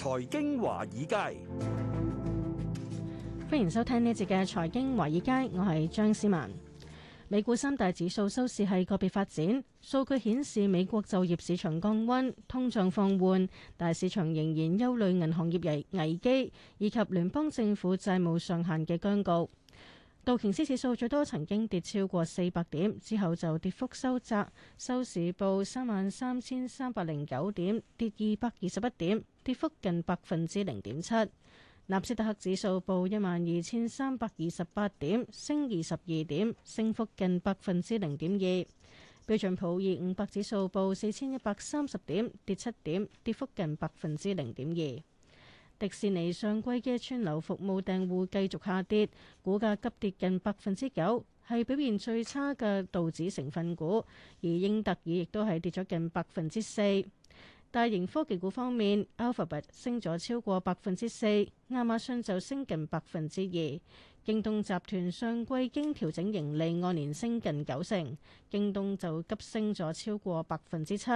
財經華爾街。歡迎收聽呢一節嘅財經華爾街，我係張思文。美股三大指數收市係個別發展，數據顯示美國就業市場降溫，通脹放緩，但市場仍然憂慮銀行業危危機，以及聯邦政府債務上限嘅僵局。道瓊斯指數最多曾經跌超過四百點，之後就跌幅收窄，收市報三萬三千三百零九點，跌二百二十一點，跌幅近百分之零點七。納斯達克指數報一萬二千三百二十八點，升二十二點，升幅近百分之零點二。標準普爾五百指數報四千一百三十點，跌七點，跌幅近百分之零點二。迪士尼上季嘅串流服務訂戶繼續下跌，股價急跌近百分之九，係表現最差嘅道指成分股。而英特爾亦都係跌咗近百分之四。大型科技股方面，Alphabet 升咗超過百分之四，亞馬遜就升近百分之二。京東集團上季經調整盈利按年升近九成，京東就急升咗超過百分之七。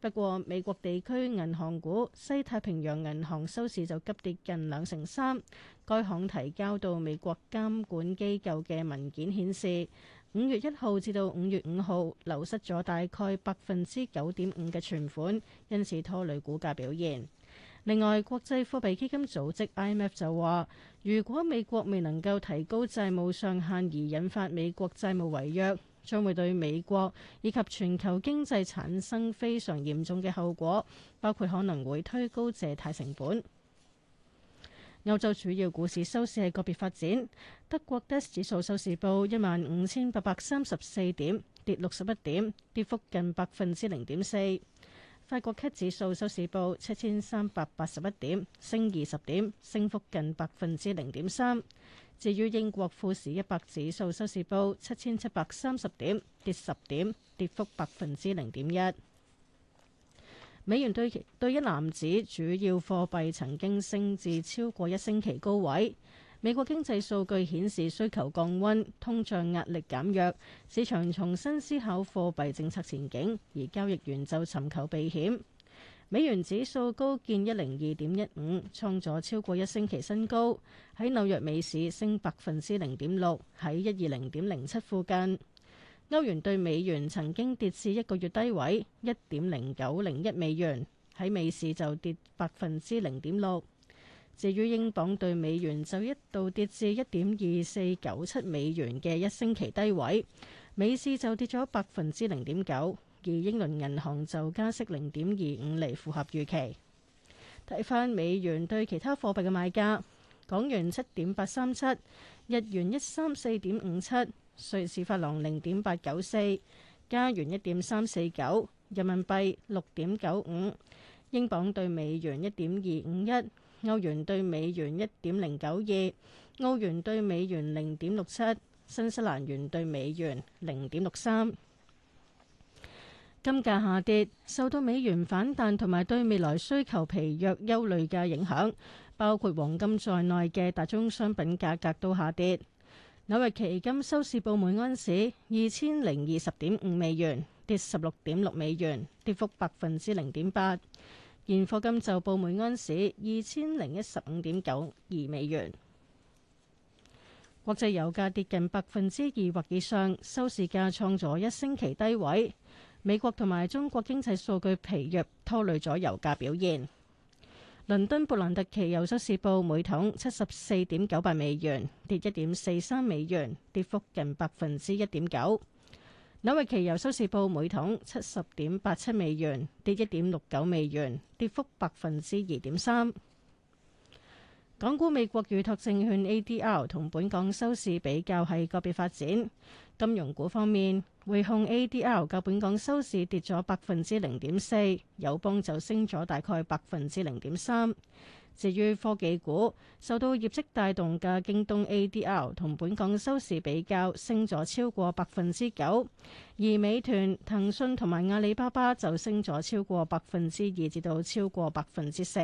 不過美國地區銀行股，西太平洋銀行收市就急跌近兩成三。該行提交到美國監管機構嘅文件顯示，五月一號至到五月五號流失咗大概百分之九點五嘅存款，因此拖累股價表現。另外，國際貨幣基金組織 IMF 就話，如果美國未能夠提高債務上限而引發美國債務違約。將會對美國以及全球經濟產生非常嚴重嘅後果，包括可能會推高借貸成本。歐洲主要股市收市係個別發展，德國 DAX 指數收市報一萬五千八百三十四點，跌六十一點，跌幅近百分之零點四。法國 CAC 指數收市報七千三百八十一點，升二十點，升幅近百分之零點三。至於英國富時一百指數收市報七千七百三十點，跌十點，跌幅百分之零點一。美元兌兌一籃子主要貨幣曾經升至超過一星期高位。美國經濟數據顯示需求降溫，通脹壓力減弱，市場重新思考貨幣政策前景，而交易員就尋求避險。美元指數高見一零二點一五，創咗超過一星期新高。喺紐約美市升百分之零點六，喺一二零點零七附近。歐元兌美元曾經跌至一個月低位一點零九零一美元，喺美市就跌百分之零點六。至於英鎊兌美元就一度跌至一點二四九七美元嘅一星期低位，美市就跌咗百分之零點九。而英倫銀行就加息零點二五厘，符合預期。睇翻美元對其他貨幣嘅賣價：港元七點八三七，日元一三四點五七，瑞士法郎零點八九四，加元一點三四九，人民幣六點九五，英鎊對美元一點二五一，歐元對美元一點零九二，澳元對美元零點六七，新西蘭元對美元零點六三。金價下跌，受到美元反彈同埋對未來需求疲弱憂慮嘅影響，包括黃金在內嘅大宗商品價格都下跌。紐約期金收市報每盎司二千零二十點五美元，跌十六點六美元，跌幅百分之零點八。現貨金就報每盎司二千零一十五點九二美元。國際油價跌近百分之二或以上，收市價創咗一星期低位。美國同埋中國經濟數據疲弱，拖累咗油價表現。倫敦布蘭特期油收市報每桶七十四點九八美元，跌一點四三美元，跌幅近百分之一點九。紐約期油收市報每桶七十點八七美元，跌一點六九美元，跌幅百分之二點三。港股美國預托證券 ADR 同本港收市比較係個別發展。金融股方面，匯控 ADR 較本港收市跌咗百分之零點四，友邦就升咗大概百分之零點三。至於科技股，受到業績帶動嘅京東 ADR 同本港收市比較升咗超過百分之九，而美團、騰訊同埋阿里巴巴就升咗超過百分之二至到超過百分之四。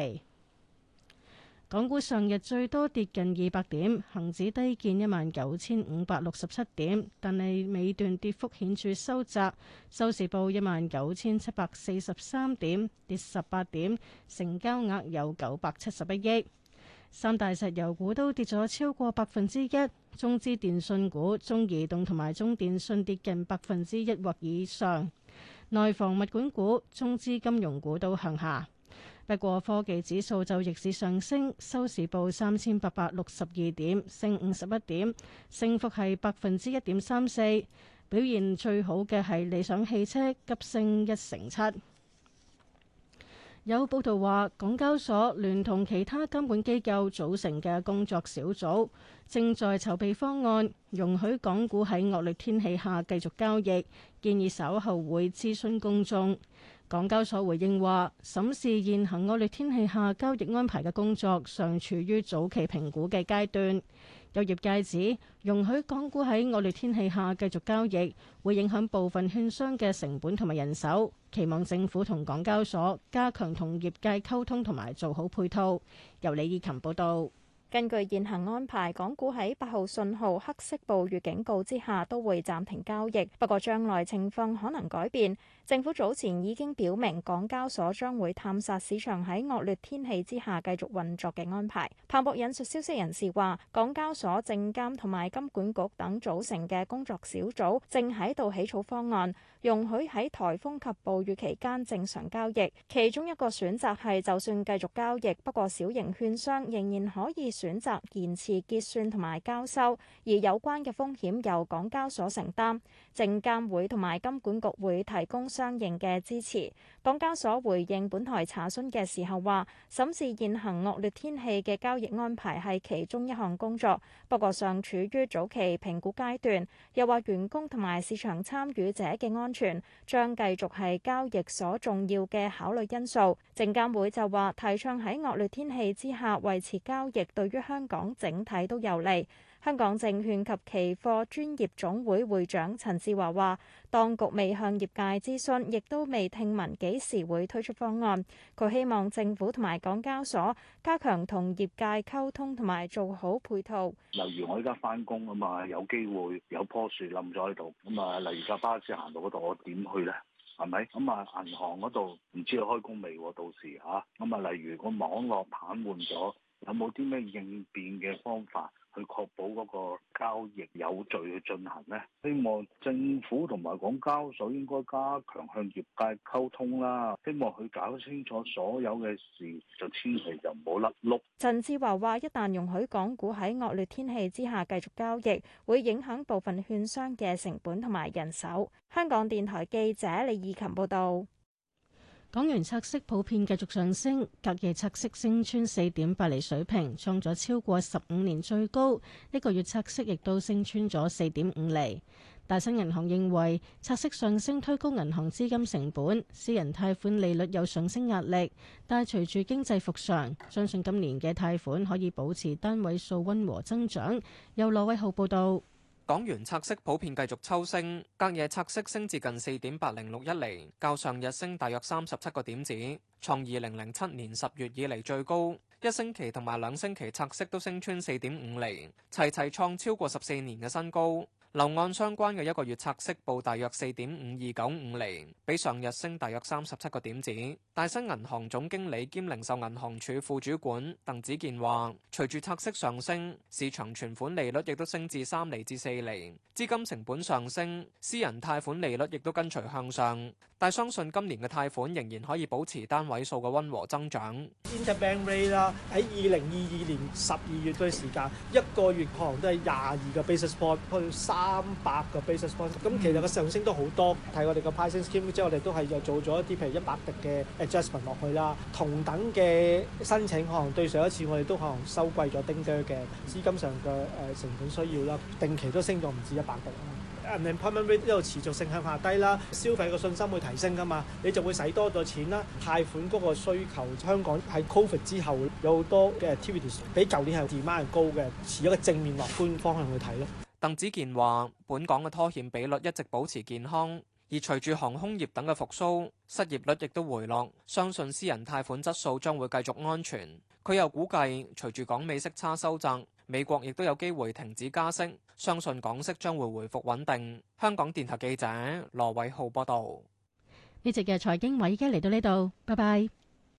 港股上日最多跌近二百點，恒指低見一萬九千五百六十七點，但係尾段跌幅顯著收窄，收市報一萬九千七百四十三點，跌十八點，成交額有九百七十一億。三大石油股都跌咗超過百分之一，中資電信股、中移動同埋中電信跌近百分之一或以上，內房物管股、中資金融股都向下。不過科技指數就逆市上升，收市報三千八百六十二點，升五十一點，升幅係百分之一點三四。表現最好嘅係理想汽車，急升一成七。有報道話，港交所聯同其他監管機構組成嘅工作小組，正在籌備方案，容許港股喺惡劣天氣下繼續交易，建議稍後會諮詢公眾。港交所回應話，審視現行惡劣天氣下交易安排嘅工作尚處於早期評估嘅階段。有業界指，容許港股喺惡劣天氣下繼續交易，會影響部分券商嘅成本同埋人手。期望政府同港交所加強同業界溝通同埋做好配套。由李義琴報道。根據現行安排，港股喺八號信號黑色暴雨警告之下都會暫停交易，不過將來情況可能改變。政府早前已經表明，港交所將會探索市場喺惡劣天氣之下繼續運作嘅安排。彭博引述消息人士話，港交所、證監同埋金管局等組成嘅工作小組正喺度起草方案，容許喺颱風及暴雨期間正常交易。其中一個選擇係，就算繼續交易，不過小型券商仍然可以選擇延遲結算同埋交收，而有關嘅風險由港交所承擔。證監會同埋金管局會提供。相應嘅支持。港交所回應本台查詢嘅時候話，審視現行惡劣天氣嘅交易安排係其中一項工作，不過尚處於早期評估階段。又話員工同埋市場參與者嘅安全將繼續係交易所重要嘅考慮因素。證監會就話提倡喺惡劣天氣之下維持交易，對於香港整體都有利。香港證券及期貨專業總會會長陳志華話，當局未向業界諮詢，亦都未聽聞幾時會推出方案。佢希望政府同埋港交所加強同業界溝通，同埋做好配套。例如我而家翻工啊嘛，有機會有棵樹冧咗喺度，咁啊，例如架巴士行到嗰度，我點去咧？係咪咁啊？銀行嗰度唔知佢開工未，到時吓，咁啊，例如個網絡癱瘓咗，有冇啲咩應變嘅方法？去確保嗰個交易有序去進行呢，希望政府同埋港交所應該加強向業界溝通啦。希望佢搞清楚所有嘅事，就千祈就唔好甩碌。陳志華話：一旦容許港股喺惡劣天氣之下繼續交易，會影響部分券商嘅成本同埋人手。香港電台記者李義琴報道。港元拆息普遍繼續上升，隔夜拆息升穿四點八厘水平，創咗超過十五年最高。一個月拆息亦都升穿咗四點五厘。大新銀行認為拆息上升推高銀行資金成本，私人貸款利率有上升壓力，但係隨住經濟復常，相信今年嘅貸款可以保持單位數溫和增長。由羅偉浩報導。港元拆息普遍繼續抽升，隔夜拆息升至近四點八零六一厘，較上日升大約三十七個點子，創二零零七年十月以嚟最高。一星期同埋兩星期拆息都升穿四點五厘，齊齊創超過十四年嘅新高。樓按相關嘅一個月拆息報大約四點五二九五厘，比上日升大約三十七個點子。大新銀行總經理兼零售銀行處副主管鄧子健話：隨住拆息上升，市場存款利率亦都升至三厘至四厘，資金成本上升，私人貸款利率亦都跟隨向上。但相信今年嘅貸款仍然可以保持單位數嘅溫和增長。Interbank rate 啦，喺二零二二年十二月嘅時間，一個月可能都係廿二個 basis point 去三。三百個 basis point 咁，其實個上升都好多。睇我哋個 pricing scheme，即係我哋都係又做咗一啲譬如一百滴嘅 adjustment 落去啦。同等嘅申請，可能對上一次我哋都可能收貴咗丁嗲嘅資金上嘅誒成本需要啦。定期都升咗唔止一百滴啦。Unemployment rate 一路持續性向下低啦。消費嘅信心會提升㗎嘛，你就會使多咗錢啦。貸款嗰個需求，香港喺 Covid 之後有好多嘅 activities，比舊年係二孖係高嘅，持一個正面樂觀方向去睇咯。鄧子健話，本港嘅拖欠比率一直保持健康，而隨住航空業等嘅復蘇，失業率亦都回落，相信私人貸款質素將會繼續安全。佢又估計，隨住港美息差收窄，美國亦都有機會停止加息，相信港息將會回復穩定。香港電台記者羅偉浩報道。呢集嘅財經委已經嚟到呢度，拜拜。